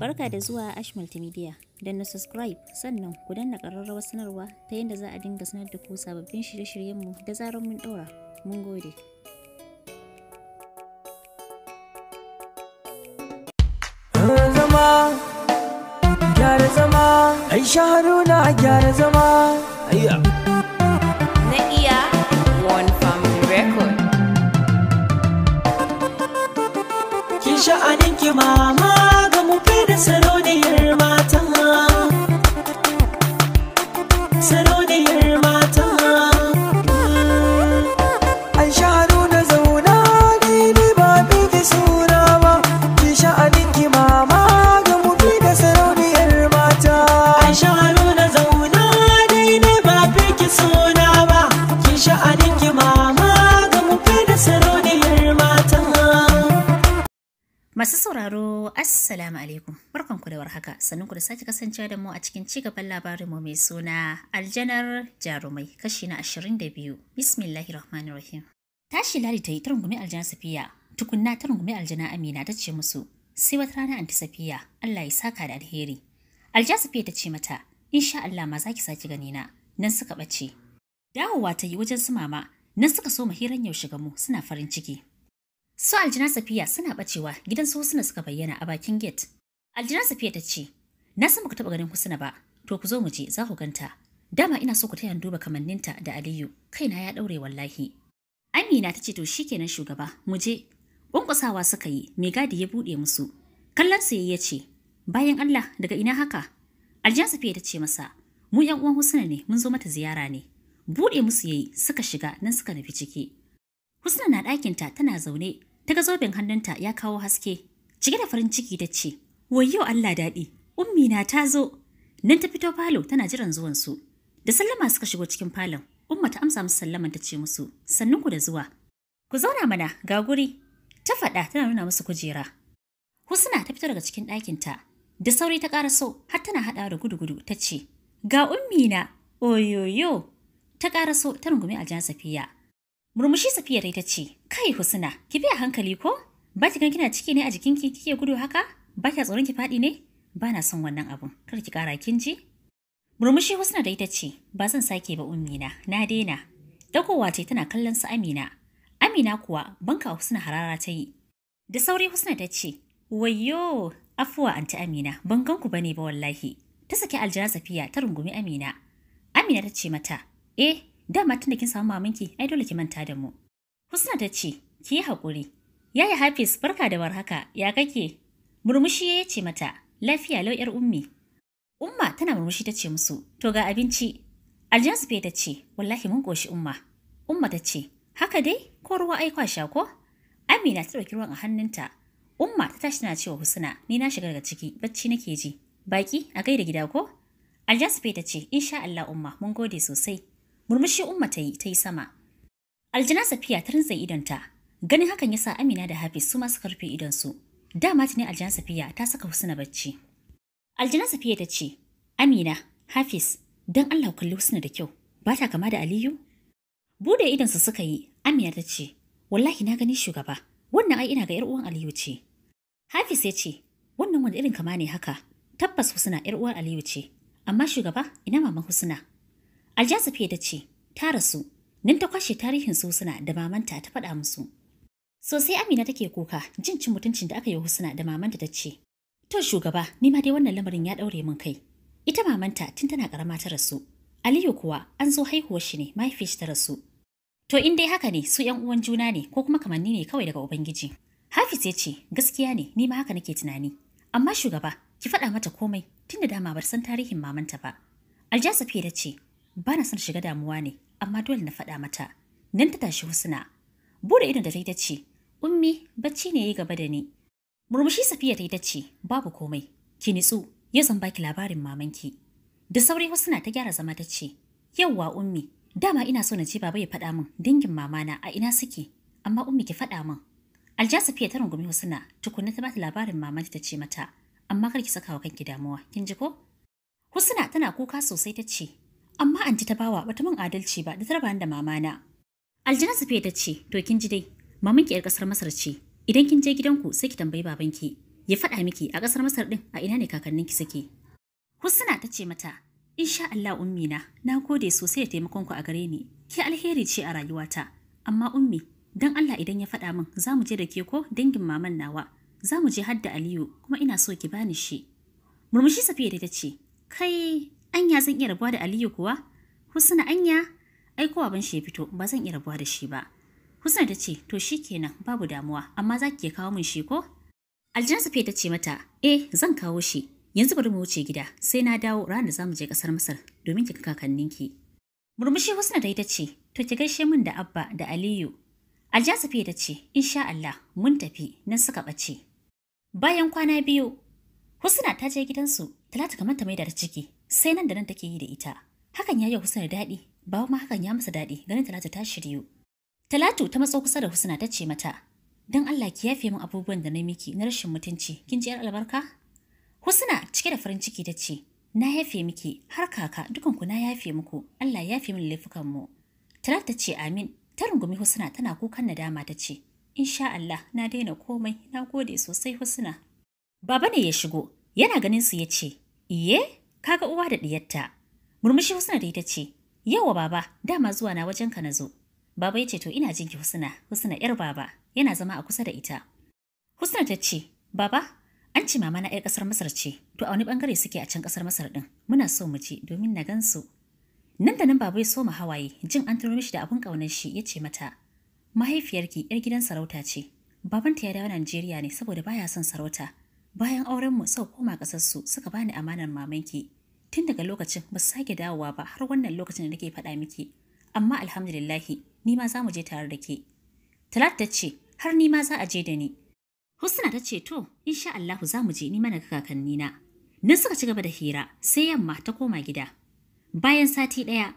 Barka da zuwa Ash Multimedia. Don na subscribe sannan ku danna ƙararrawar sanarwa ta yadda za a dinga sanar da ku sababbin shirye-shiryenmu da zarar mun ɗora. Mun gode. Zama, gyara zama, gyara zama. Na iya One Family Record. Kin sha'aninki mama. sarauniyar mata Assalamu alaikum. Barkanku da warhaka. ku da sake kasancewa da mu a cikin ci cigaban labarinmu mai suna Aljanar Jarumai kashi na ashirin da biyu. Bismillahir Rahmanir Rahim. Tashi Ladi ta yi ta aljana Safiya. Tukunna ta rungumi aljana Amina ta ce musu, "Sai wata rana anti Safiya, Allah ya saka da alheri." Aljana Safiya ta ce mata, "Insha Allah ma za ki saki gani na." Nan suka bace. Dawowa ta yi wajen su mama, nan suka so hiran yaushe mu suna farin ciki. Su Aljina Safiya suna bacewa gidan su Husna suka bayyana a bakin gate. Aljina Safiya ta ce, "Na san baka taba ganin Husna ba, to ku zo mu je za ku ganta." Dama ina so ku taya duba kamanninta da Aliyu, kaina ya daure wallahi. Amina ta ce to kenan shugaba, mu je. Ƙwanƙwasawa suka yi, mai gadi ya buɗe musu. Kallon su ya ce, "Bayan Allah, daga ina haka?" Aljina Safiya ta ce masa, "Mu ƴan uwan Husna ne, mun zo mata ziyara ne." Buɗe musu yayi, suka shiga, nan suka nufi ciki. Husna na ɗakinta tana zaune ta ga zoben hannunta ya kawo haske cike da farin ciki ta ce wayyo Allah daɗi ummi na ta zo nan ta fito falo tana jiran zuwan su da sallama suka shigo cikin falon umma ta amsa musu sallaman ta ce musu sannunku da zuwa ku zauna mana ga guri ta faɗa tana nuna musu kujera husna ta fito daga cikin ɗakin ta da sauri ta ƙara so har tana haɗawa da gudu-gudu ta ce ga ummi na oyoyo ta ƙara so ta rungumi aljihar safiya Murmushi Safiya ta ce, "Kai Husna, ki biya hankali ko? Ba ki kina ciki ne a jikinki kike gudu haka? Ba ki tsoron ki faɗi ne? Ba na son wannan abun. Kar ki ƙara kin ji?" Murmushi Husna da ita ce, "Ba zan sake ba ummina, na daina." Dagowa ce tana kallon su Amina. Amina kuwa banka Husna harara ta yi. Da sauri Husna ta ce, "Wayyo, afuwa anti Amina, ban ganku bane ba wallahi." Ta saki aljira Safiya ta rungumi Amina. Amina ta ce mata, "Eh, Dama tun da kin samu mamanki, ai dole ki manta da mu. Husna ta ce, ki yi haƙuri. Yaya Hafiz barka da warhaka, ya kake? Murmushi ya ce mata, lafiya lau ‘yar ummi. Umma tana murmushi ta ce musu, to ga abinci. Aljansu ta ce, wallahi mun ƙoshi umma. Umma ta ce, haka dai, ko ruwa ai sha ko? Amina ta ɗauki ruwan a hannunta. Umma ta tashi tana cewa Husna, ni na shiga daga ciki, bacci nake ji. Baki a gaida gida ko? Aljansu ta ce, insha Allah umma, mun gode sosai. Murmushi Umma ta yi ta yi sama. Aljina Safiya ta rinsa idonta. Ganin hakan ya sa Amina da Hafiz su ma suka rufe idonsu. Dama ne Aljina Safiya ta saka Husna bacci. Aljina Safiya ta ce, Amina, Hafiz, don Allah kalli Husna da kyau, ba ta kama da Aliyu? Bude idonsu suka yi, Amina ta ce, Wallahi na gani shugaba, wannan ai ina ga 'yar uwan Aliyu ce. Hafiz ya ce, Wannan wani irin kama ne haka, tabbas Husna 'yar uwan Aliyu ce, amma shugaba ina maman Husna. Aljazafe ta ce, ta rasu, nan ta kwashe tarihin Husna da mamanta ta faɗa musu. Sosai Amina take kuka, jin cin mutuncin da aka yi husuna da mamanta ta ce, To shugaba, ni ma dai wannan lamarin ya ɗaure min kai. Ita mamanta tun tana ƙarama ta rasu. Aliyu kuwa an zo haihuwar shi ne mahaifiyar ta rasu. To in dai haka ne su ‘yan uwan juna ne ko kuma kamanni ne kawai daga Ubangiji. Hafiz ya ce, gaskiya ne, ni ma haka nake tunani. Amma shugaba, ki faɗa mata komai, tunda dama bar san tarihin mamanta ba. Aljazafe ta ce, ba na son shiga damuwa ne amma dole na faɗa mata nan ta tashi husna bude idon da ta yi ta ce ummi bacci ne ya gaba da ni murmushi safiya ta yi ta ce babu komai ki nitsu yau zan baki labarin mamanki da sauri husna ta gyara zama ta ce yauwa ummi dama ina so na ce baba ya faɗa min dangin mamana a ina suke amma ummi ki faɗa min alja safiya ta rungumi husna tukunna ta bata labarin mamanki ta ce mata amma kar ki saka wa kanki damuwa kin ji ko husna tana kuka sosai ta ce amma anti ta bawa bata min adalci ba da ta da mamana. Aljina Safiya ta ce, to kin ji dai, maman ki 'yar ƙasar Masar ce, idan kin je gidanku sai ki tambayi babanki, ya faɗa miki a kasar Masar ɗin a ina ne kakannin ki suke. Husna ta ce mata, insha Allah ummi na, na gode sosai da taimakon ku a gare ni, ki alheri ce a rayuwata, amma ummi, dan Allah idan ya faɗa min za mu je da ke ko dangin maman nawa, za mu je har da Aliyu kuma ina so ki bani shi. Murmushi Safiya ta ce, kai Anya zan iya rabuwa da Aliyu kuwa? Husna anya? Ai kowa ban shi fito ba zan iya rabuwa da shi ba. Husna ta ce to shi kenan babu damuwa amma za ki kawo min shi ko? Aljan ta ce mata eh zan kawo shi yanzu bari mu wuce gida sai na dawo ranar da za mu je ƙasar Masar domin ki kakanninki. Murmushi Husna da ta ce to ki gaishe min da Abba da Aliyu. Aljan Safiya ta ce insha Allah mun tafi nan suka ɓace. Bayan kwana biyu Husna ta je gidansu, Talatu kamar ta maida da ciki, sai nan da nan take yi da ita. Hakan ya yi Husna da daɗi, ba ma hakan ya masa daɗi, ganin Talatu ta shiryu. Talatu ta matso kusa da Husna ta ce mata, "Don Allah ki yafe min abubuwan da na miki na rashin mutunci, kin ji yar albarka?" Husna cike da farin ciki ta ce, "Na yafe miki, har kaka dukanku na yafe muku, Allah ya yafe min laifukan mu." Talatu ta ce, "Amin." Ta rungumi Husna tana kukan nadama ta ce, "Insha Allah, na daina komai, na gode sosai Husna." Baba ne ya shigo, yana ganin su ya ce, Iye, kaga uwa da ɗiyarta. Murmushi Husna da ita ce, Yau, wa baba, dama zuwa na wajen ka na zo. Baba ya ce, To ina jinki Husna, Husna ‘yar baba, yana zama a kusa da ita. Husna ta ce, Baba, An ce mama na 'yar ƙasar Masar ce, to a wani ɓangare suke a can ƙasar Masar ɗin, Muna so mu je domin na gan su. Nan da nan baba ya so mu hawaye, jin an turo mishi da abun kaunar shi ya ce mata, "Mahaifiyarki 'yar gidan sarauta ce. Babanta ya dawo Najeriya ne saboda baya son sarauta. Bayan auren mu sau koma su suka bani amanar mamanki. Tun daga lokacin ba sake dawowa ba har wannan lokacin da nake faɗa miki. Amma alhamdulillahi ni ma za mu je tare da ke. Talat ta ce har ni ma za a je da ni. Husna ta ce to insha Allahu za mu je ni mana kakanni na. Nan suka ci gaba da hira sai yamma ta koma gida. Bayan sati ɗaya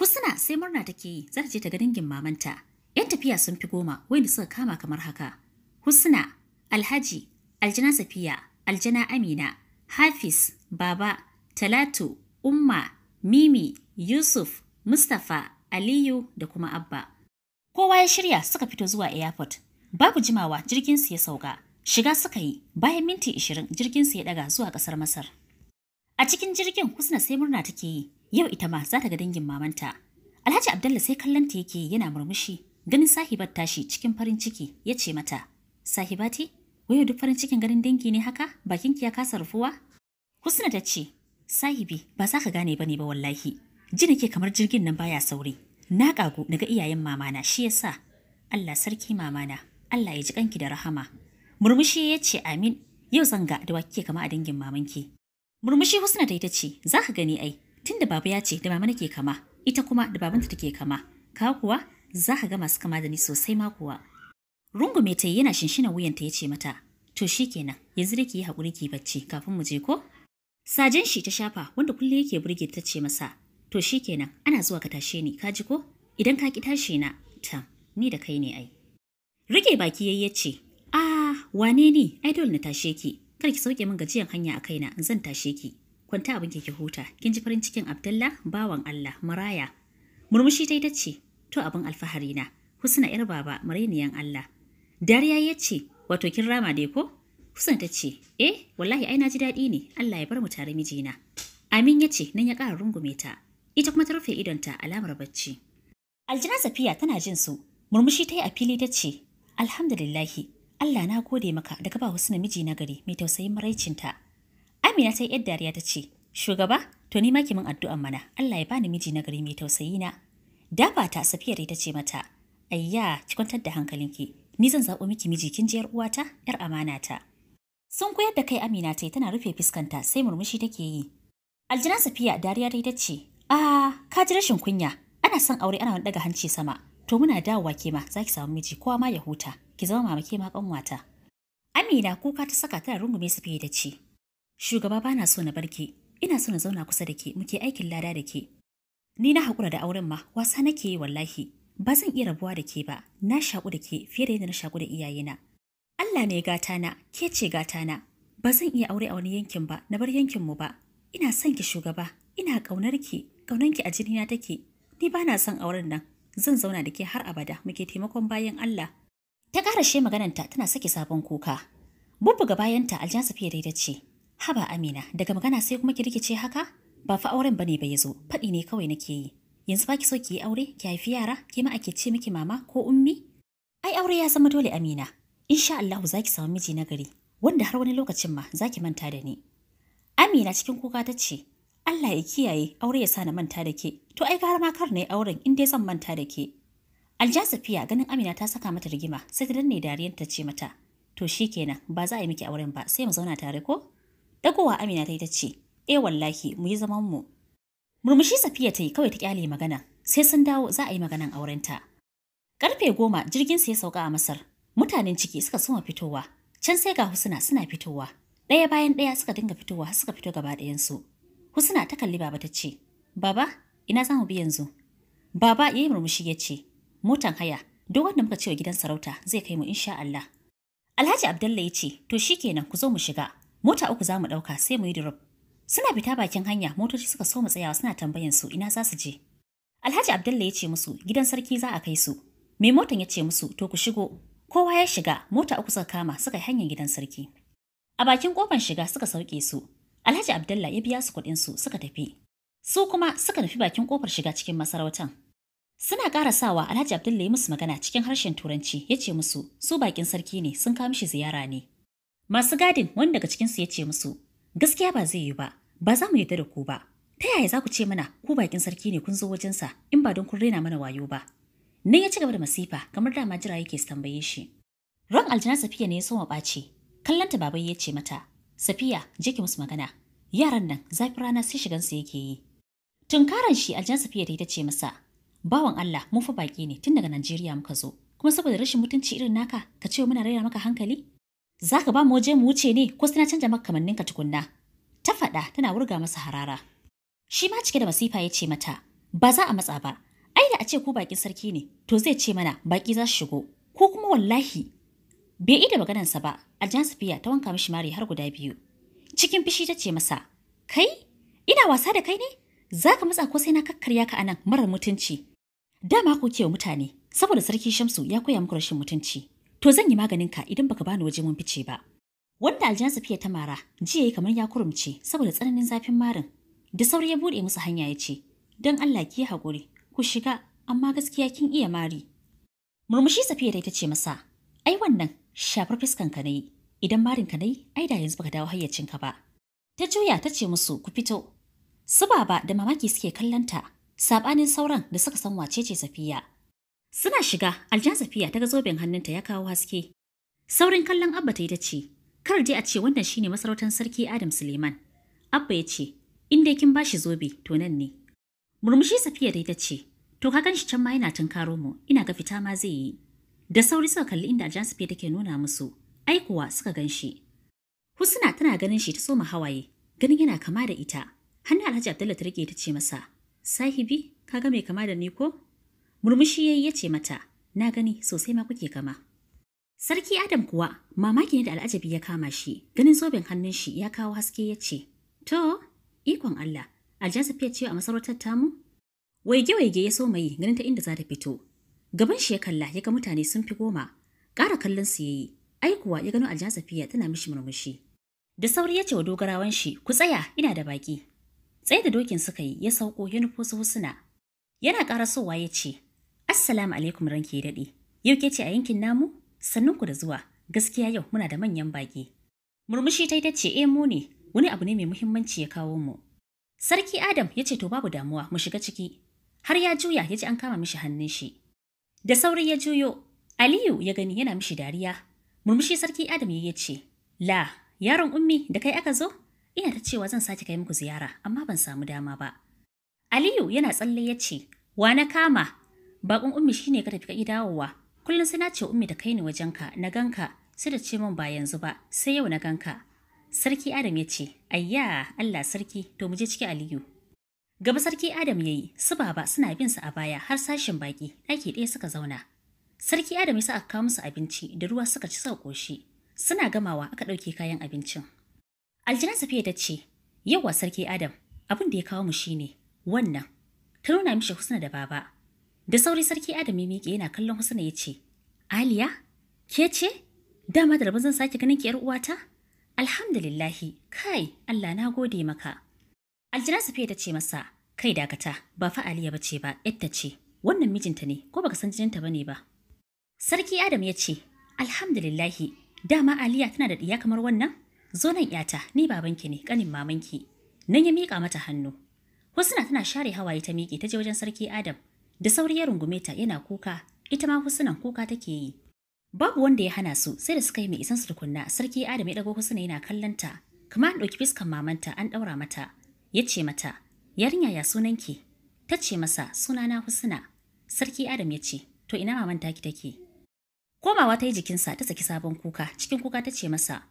Husna sai murna take yi za ta je ta ga dangin mamanta. ‘Yan tafiya sun fi goma wanda suka kama kamar haka. Husna, Alhaji, aljana safiya aljana amina hafiz baba talatu umma mimi yusuf mustapha aliyu da kuma abba kowa ya shirya suka fito zuwa airport babu jimawa jirginsu ya sauka shiga suka yi bayan minti jirgin jirginsu ya daga zuwa kasar masar a cikin jirgin husna sai murna take yi yau ita ma za ta ga dangin mamanta alhaji Abdullahi sai kallonta yake yana murmushi ganin sahibar tashi cikin farin ciki ya ce mata sahibati Wayo duk farin cikin ganin dangi ne haka? Bakinki ya kasa rufuwa? Husna ta ce, Sahibi, ba za ka gane bane ba wallahi. Ji nake kamar jirgin nan baya sauri. Na kagu daga iyayen mamana shi yasa. Allah sarki mamana, Allah ya ji kanki da rahama. Murmushi ya ce amin, yau zan ga da wake kama a dangin mamanki. Murmushi Husna ta ita ce, za ka gani ai, tunda baba ya ce da mama nake kama, ita kuma da babanta take kama. Ka kuwa za ka ga masu kama da ni sosai ma kuwa. Rungume ta yana shinshinan wuyanta ya ce mata, To shi kenan, yanzu da ki yi haƙuri ki bacci kafin mu je ko? Sajen shi ta shafa wanda kullum yake burge ta ce masa, To shi kenan, ana zuwa ka tashe ni, ka ji ko? Idan ka ki tashe na, ta, ni da kai ne ai. Rike baki yayi ya ce, Ah, wane ni? Ai dole na tashe ki. Kar ki sauke min gajiyan hanya a kaina, zan tashe ki. Kwanta abin ki huta. Kin ji farin cikin Abdullah, bawan Allah, maraya. Murmushi ta yi ta ce, To abin alfahari na, Husna 'yar baba, marainiyan Allah. Dariya ya ce, wato kin rama dai ko? Hussein ta ce, eh, wallahi ai na ji daɗi ne, Allah ya bar mu tare mijina. Amin ya ce, nan ya ƙara rungume ta. Ita kuma ta rufe idon ta alamar bacci. Aljina Safiya tana jin su, murmushi ta yi a fili ta ce, Alhamdulillahi, Allah na gode maka da ka ba wasu miji na gari mai tausayin maraicinta. Amina ta yi ‘yar dariya ta ce, Shugaba, to ni ma ki min addu'an mana, Allah ya ba ni miji na gari mai tausayi na. Dafa ta Safiya ta ce mata, Ayya, ki kwantar da hankalinki, Ni zan zaɓo miki miji kin jiyar uwata, ‘yar amana ta. Sun koyar da kai Amina ta tana rufe fuskanta sai murmushi take yi. Aljina Safiya dariya dai tace, "Ah, ka ji rashin kunya. Ana son aure ana daga hanci sama. To muna dawowa ke ma za ki samu miji kowa ma ya huta. Ki zama mama ke ma kanwata." Amina kuka ta saka tana rungume Safiya da ce, "Shugaba bana so na barke. Ina so na zauna kusa da ke, muke aikin lada da ke. Ni na haƙura da auren ma, wasa nake yi wallahi. ba zan iya rabuwa da ke ba, na shaƙu da ke fiye da yadda na shaƙu da iyayena. Allah ne gata na, ke ce gata na, ba zan iya aure a wani yankin ba, na bar yankinmu ba. Ina son ki shugaba, ina ƙaunar ki, ƙaunar ki a jinina take. Ni ba na son auren nan, zan zauna da ke har abada muke taimakon bayan Allah. Ta ƙarashe ta tana sake sabon kuka. Bubbuga bayanta aljansa fiye da ce. Haba Amina, daga magana sai kuma ki rikice haka? Ba fa auren ba ne ba ya zo, faɗi ne kawai nake yi. yanzu ba ki so ki yi aure ki haifi yara ki ma ake ce miki mama ko ummi ai aure ya zama dole amina insha Allah za ki samu miji nagari. wanda har wani lokacin ma za ki manta da ni amina cikin kuka ta ce Allah ya kiyaye aure ya sa na manta da ke to ai gara ma kar na yi auren in dai zan manta da ke aljazafiya ganin Amina ta saka mata rigima sai ta danne dariyar ta ce mata to shikenan ba za a yi miki auren ba sai mu zauna tare ko dagowa Amina ta yi ta ce eh wallahi mu yi zaman mu Murmushi Safiya ta yi kawai ta kyale magana, sai sun dawo za a yi maganan aurenta. Karfe goma jirgin ya sauka a Masar, mutanen ciki suka suma fitowa, can sai ga Husna suna fitowa. Ɗaya bayan ɗaya suka dinga fitowa har suka fito gaba ɗayansu. Husna ta kalli baba ta ce, Baba, ina za mu bi yanzu? Baba ya yi murmushi ya ce, Motan haya, duk wanda muka ce wa gidan sarauta zai kai mu insha Allah. Alhaji Abdullahi ya ce, To shi kenan ku zo mu shiga, mota uku za mu ɗauka sai mu yi drop Suna fita bakin hanya motoci suka so mu tsayawa suna tambayan su ina za su je. Alhaji Abdullah ya ce musu gidan sarki za a kai su. Mai motan ya ce musu to ku shigo. Kowa ya shiga mota uku suka kama suka yi hanyar gidan sarki. A bakin kofan shiga suka sauke su. Alhaji Abdullah ya biya su kuɗin su suka tafi. Su kuma suka nufi bakin kofar shiga cikin masarautan. Suna ƙara sawa Alhaji abdulla ya musu magana cikin harshen Turanci ya ce musu su bakin sarki ne sun kawo mishi ziyara ne. Masu gadin wanda daga cikinsu ya ce musu Gaskiya ba zai yi ba, ba za mu yi da ku ba. Ta yaya za ku ce mana ku bakin sarki ne kun zo wajensa in ba don kun rena mana wayo ba. Nan ya ci gaba da masifa kamar dama jira yake su tambaye shi. Ran aljana Safiya ne ya soma ɓaci. Kallanta babai ya ce mata, Safiya, je ki musu magana. Yaran nan zafi rana sai shigan su yake yi. Tunkaran shi aljana Safiya ta yi ta ce masa, Bawan Allah, mun fa baƙi ne tun daga Najeriya muka zo. Kuma saboda rashin mutunci irin naka, ka ce muna raina maka hankali? Za ka ba mu waje mu wuce ne ko sai na canja maka kamanninka tukunna. Ta faɗa tana wurga masa harara. Shi ma cike da masifa ya ce mata, ba za a matsa ba, ai da a ce ko bakin sarki ne, to zai ce mana baki za su shigo, ko kuma wallahi. Bai ida maganarsa ba, aljihan Safiya ta wanka mishi mari har guda biyu. Cikin fishi ta ce masa, kai, ina wasa da kai ne? Za ka matsa ko sai na kakkarya ka anan marar mutunci. Dama ko ke mutane, saboda sarki Shamsu ya koya muku rashin mutunci. To zan yi maganin ka idan baka bani waje mun fice ba. Wanda aljihan safiya ta mara jiya yi kamar ya kurumce saboda tsananin zafin marin. Da sauri ya buɗe musu hanya ya ce, Don Allah ki yi hakuri, ku shiga, amma gaskiya kin iya mari. Murmushi safiya dai ta ce masa, Ai wannan shafar fiskan ka nayi, idan marin ka nayi, ai da yanzu baka dawo hayyacin ka ba. Ta juya ta ce musu ku fito. Su baba da mamaki suke kallon saɓanin sauran da suka san wace ce safiya. Suna shiga, aljan safiya ta ga zoben hannunta ya kawo haske. Saurin kallon Abba ta yi ta ce, Kar dai a ce wannan shi ne masarautar sarki Adam Suleiman. Abba ya ce, In dai kin bashi zobe, to nan ne. Murmushi safiya da ta ce, To ka ganshi can ma yana tunkaro mu, ina ga fita ma zai yi. Da sauri suka kalli inda aljan safiya take nuna musu, ai kuwa suka ganshi. Husna tana ganin shi ta soma hawaye, ganin yana kama da ita. Hannu Alhaji Abdullahi ta rike ta ce masa, Sahibi, ka ga mai kama da ni ko? Murmushi ya yi ya ce mata, na gani sosai ma kuke kama. Sarki Adam kuwa mamaki ne da al'ajabi ya kama shi, ganin zoben hannun shi ya kawo haske ya ce, To, ikon Allah, aljazaf fiye ce a masarautar tamu? Waige-waige ya so mai ganin ta inda za ta fito. Gaban shi ya kalla ya ga mutane sun fi goma, ƙara kallon su ya yi, ai kuwa ya gano fiye tana mishi murmushi. Da sauri ya ce wa dogarawan shi, ku tsaya ina da baƙi. Tsaye da dokin suka yi ya sauko ya nufo su husuna. Yana sowa ya ce, Assalamu alaikum ranki daɗi. Yau ke ce a yankin namu? Sannunku da zuwa. Gaskiya yau muna da manyan baƙi. Murmushi ta yi ta ce eh mu ne, wani abu ne mai muhimmanci ya kawo mu. Sarki Adam ya ce to babu damuwa mu shiga ciki. Har ya juya ya ji an kama mishi hannun shi. Da sauri ya juyo, Aliyu ya gani yana mishi dariya. Murmushi sarki Adam ya ce, La, yaron ummi da kai aka zo? Ina ta cewa zan sake kai muku ziyara, amma ban samu dama ba. Aliyu yana tsalle ya ce, Wa na kama, Bakon ummi shine ka tafi ka dawowa. Kullum sai na ce ummi da kai ni ka na ganka sai da ce min ba yanzu ba sai yau na ganka. Sarki Adam ya ce, "Ayya, Allah sarki, to mu je ciki Aliyu." Gaba sarki Adam ya yi, su baba suna bin su a baya har sashin baki, ɗaki ɗaya suka zauna. Sarki Adam ya sa aka kawo musu abinci da ruwa suka ci sau ƙoshi. Suna gamawa aka ɗauke kayan abincin. Aljina Safiya ta ce, "Yawwa sarki Adam, abin da ya kawo mu shine wannan." Ta nuna mishi Husna da baba. Da sauri sarki Adam ya miƙe yana kallon Husna ya ce, Aliya, ke ce? Dama da rabin zan sake ganin ki ‘yar uwata? Alhamdulillahi, kai, Allah na gode maka. Aljina Safiya ta ce masa, kai dakata, ba fa Aliya ba ce ba, ‘yadda ce, wannan mijinta ne, ko baka san jininta ba ne ba. Sarki Adam ya ce, Alhamdulillahi, dama Aliya tana da ɗiya kamar wannan? Zo nan ‘yata, ni babanki ne, ƙanin mamanki. Nan ya miƙa mata hannu. Husna tana share hawaye ta miƙe ta je wajen sarki Adam. Da sauri ya rungume ta yana kuka, ita ma husunan kuka take yi. Babu wanda ya hana su sai da suka yi mai isan su tukunna sarki Adam ya dago husuna yana kallon ta. Kuma an ɗauki fiskan mamanta an ɗaura mata. Ya ce mata, yarinya ya sunanki? Ta ce masa sunana Husna. Sarki Adam ya ce, to ina mamanta ki take? Komawa ta yi jikinsa ta saki sabon kuka, cikin kuka ta ce masa,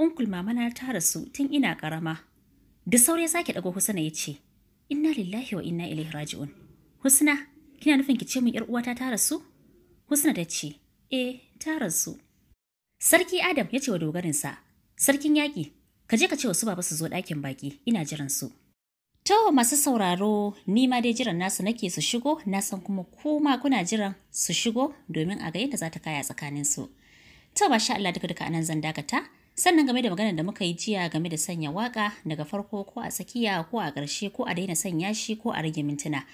Unkul mamana ta rasu tun ina ƙarama. Da sauri ya sake ɗago husuna ya ce, Inna lillahi wa inna ilaihi raji'un. Husna, Kina nufin ki ce min ‘yar uwata ta rasu? Husna ta ce, Eh ta rasu. Sarki Adam ya ce wa dogarinsa, Sarkin yaƙi, ka je ka ce wa su baba su zo ɗakin baƙi, ina jiran su. To masu sauraro, ni ma dai jiran nasu nake su shigo, na san kuma kuma kuna jiran su shigo domin a ga yadda za ta kaya tsakanin su. To sha Allah duka duka anan zan dakata. Sannan game da maganar da muka yi jiya game da sanya waka daga farko ko a tsakiya ko a ƙarshe ko a daina sanya shi ko a rage mintuna.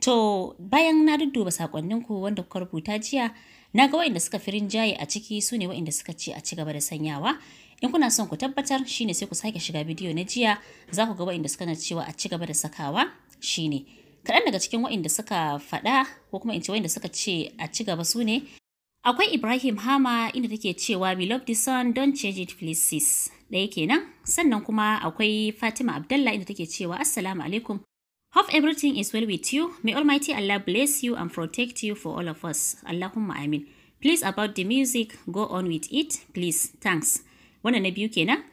To bayan na dudduba sakonninku wanda kuka rubuta jiya, na ga wayanda suka firin rinjaye a ciki su ne waɗanda suka ce a cigaba da sanyawa. In kuna son ku tabbatar shine sai ku sake shiga bidiyo na jiya za ku ga wayanda suka na cewa a cigaba da sakawa shine. Kaɗan daga cikin wa'inda suka faɗa ko kuma in ce wa'inda suka ce a cigaba sune. su ne. Akwai Ibrahim Hama inda take cewa we love the sun don't change it please sis. Ɗaya kenan sannan kuma akwai Fatima Abdallah inda take cewa assalamu alaikum Hope everything is well with you. May Almighty Allah bless you and protect you for all of us. Allahumma amin. Please about the music, go on with it. Please. Thanks. Wannan na biyu kenan.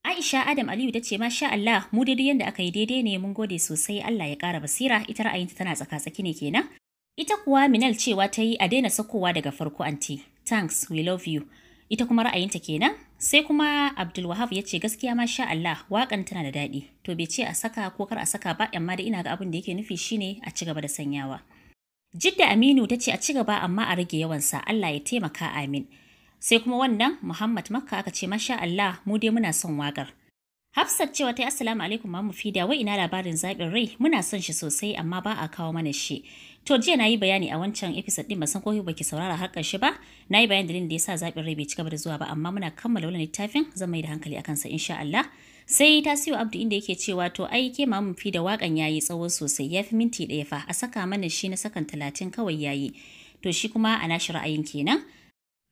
Aisha Adam Aliyu ta ce ma sha Allah mu daidai yanda aka yi daidai ne mun gode sosai Allah ya kara basira ita ra'ayinta tana tsaka-tsaki ne kenan. Ita kuwa Minal cewa ta yi a daina sakowa daga farko anti. Thanks, we love you. Ita kuma ra'ayinta kenan sai kuma abdulwahab ya ce gaskiya ma sha Allah wakan tana da daɗi to bai ce a saka ko kar a saka ba amma da ina ga abin da yake nufi shine a ci gaba da sanyawa jidda aminu ta ce a ci gaba amma a rage yawansa Allah ya taimaka amin sai kuma wannan muhammad makka aka ce masha Allah mu dai muna son wakar Hafsat cewa ta yi assalamu alaikum mamu fida wai ina labarin zaɓin rai muna son shi sosai amma ba a kawo mana shi. To jiya na yi bayani a wancan episode ɗin san ko baki saurara har ƙarshe ba na yi bayani dalilin da ya sa zaɓin rai bai ci gaba da zuwa ba amma muna kammala wannan littafin zan mai da hankali kan sa insha Allah. Sai ta siyo Abdu inda yake cewa to ai ke mamu fida waƙan yayi tsawo sosai ya fi minti ɗaya fa a saka mana shi na sakan talatin kawai yayi. To shi kuma a nashi ra'ayin kenan.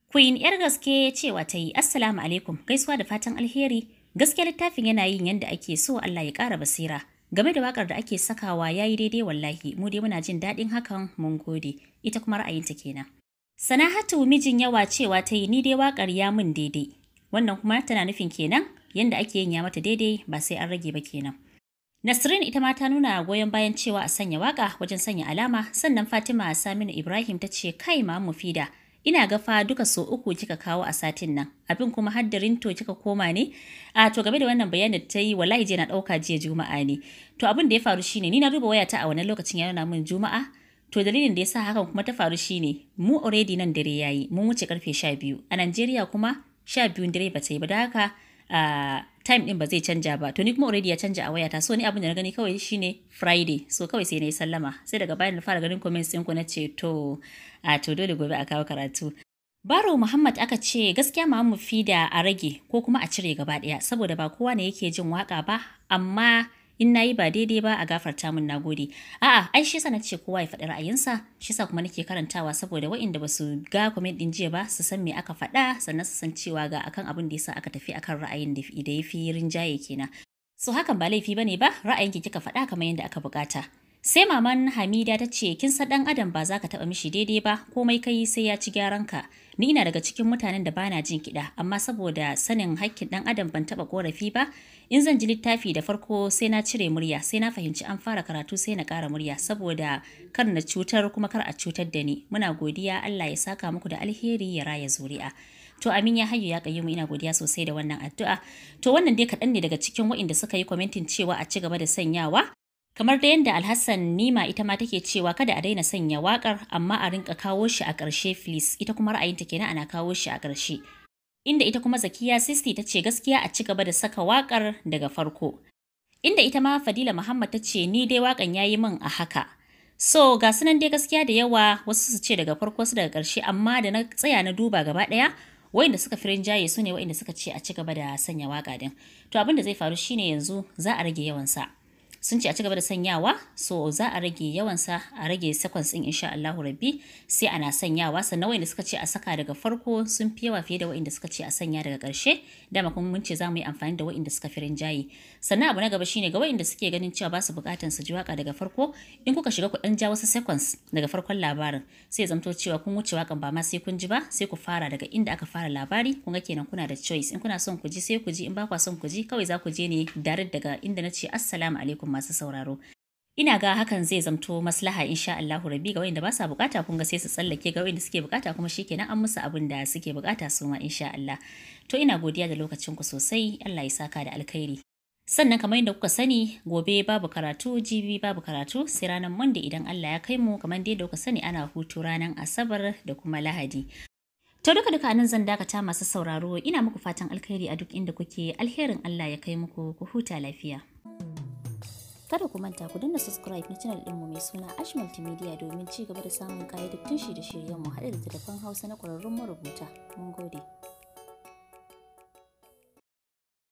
Queen yar gaske cewa ta yi assalamu alaikum gaisuwa da fatan alheri. Gaskiya littafin yana yin yadda ake so Allah ya ƙara basira. Game da wakar da ake sakawa ya yi daidai wallahi, mu dai muna jin daɗin hakan mun gode. Ita kuma ra'ayinta kenan. Sana'atu mijin yawa cewa ta yi ni dai wakar ya mun daidai. Wannan kuma tana nufin kenan yadda ake yin ya mata daidai ba sai an rage ba kenan. Nasrin ita ma ta nuna goyon bayan cewa a sanya waƙa wajen sanya alama sannan Fatima Saminu Ibrahim ta ce kai ma mu fida ina ga fa duka so uku kika kawo a satin nan abin kuma haddarin to kika koma ne a to game da wannan bayanin da ta yi wallahi je na dauka jiya juma'a ne to abin da ya faru shine ni na duba wayata a wannan lokacin ya nuna min juma'a To dalilin da ya sa hakan kuma ta faru shine mu already nan dare yayi mun wuce karfe 12 a Najeriya kuma 12 dare ba ta yi ba da haka a ah, time din ba zai canja ba to ni kuma already ya canja a wayata so ni abin da na gani kawai shine friday so kawai sai na yi sallama sai daga bayan na fara ganin comments ɗinku na ce to a ah, to dole gobe a kawo karatu Baro Muhammad aka ce gaskiya Muhammad Fida a rage ko kuma a cire gaba ɗaya saboda ba kowa ne yake jin waka ba amma in na yi ba daidai ba a gafarta min nagode a'a ai shi yasa nace kowa ya faɗi ra'ayinsa shi yasa kuma nake karantawa saboda waɗanda ba su ga comment din jiya ba su san me aka faɗa sannan su san cewa ga akan abin da yasa aka tafi akan ra'ayin da ya fi rinjaye kenan so hakan ba laifi bane ba ra'ayinki kika faɗa kamar yadda aka bukata Sai maman Hamida ta ce kin sa dan adam ba za ka taba mishi daidai ba komai kai sai ya ci gyaran ka. Ni ina daga cikin mutanen da bana jin kiɗa amma saboda sanin hakkin dan adam ban taba korafi ba in zan ji littafi da farko sai na cire murya sai na fahimci an fara karatu sai na ƙara murya saboda kar na cutar kuma kar a cutar da ni. Muna godiya Allah ya saka muku da alheri ya raya zuri'a. To amin ya hayyu ya mu ina godiya sosai da wannan addu'a. To wannan dai kaɗan ne daga cikin waɗanda suka yi kwamentin cewa a ci gaba da sanyawa kamar da yadda alhassan nima ita ma take cewa kada a daina sanya wakar amma a rinka kawo shi a ƙarshe filis ita kuma ra'ayinta kenan ana kawo shi a ƙarshe inda ita kuma zakiya sisti ta ce gaskiya a ci gaba da saka wakar daga farko inda ita ma fadila muhammad ta ce ni dai wakan yayi min a haka so ga sunan dai gaskiya da yawa wasu su ce daga farko su daga ƙarshe amma da na tsaya na duba gaba ɗaya wa'inda suka fi rinjaye su ne wa'inda suka ce a ci gaba da sanya waka din to abin da zai faru shine yanzu za a rage yawan sa sun ce a cigaba da sanyawa so za a rage yawansa a rage seconds din insha Allahu rabbi sai ana sanyawa sannan da suka ce a saka daga farko sun fi yawa fiye da wayanda suka ce a sanya daga karshe dama kuma mun ce za mu yi amfani da wayanda suka fi rinjaye sannan abu na gaba shine ga wayanda suke ganin cewa ba su bukatan su ji waka daga farko in kuka shiga ku dan ja wasu seconds daga farkon labarin sai zanto cewa kun wuce wakan ba ma sai kun ji ba sai ku fara daga inda aka fara labari kun ga kenan kuna da choice in kuna son ku ji sai ku ji in ba kwa son ku ji kawai za ku je ne direct daga inda na ce assalamu alaikum masu sauraro. Ina ga hakan zai zamto maslaha insha Allah rabi ga wayanda ba sa bukata kun ga sai su tsallake ga wayanda suke bukata kuma shikenan an musu abin da suke bukata su ma insha Allah. To ina godiya da lokacin ku sosai Allah ya saka da alkhairi. Sannan kamar yadda kuka sani gobe babu karatu jibi babu karatu sai ranar Monday idan Allah ya kai mu kamar dai da kuka sani ana hutu ranar Asabar da kuma Lahadi. To duka duka nan zan dakata masu sauraro ina muku fatan alkhairi a duk inda kuke alherin Allah ya kai muku ku huta lafiya. Kada ku manta ku danna subscribe na channel dinmu mai suna Ash Multimedia domin ci gaba da samun ƙayyadattun shi da shiryenmu haɗa da tattafan Hausa na ƙwararrun marubuta. Mun gode.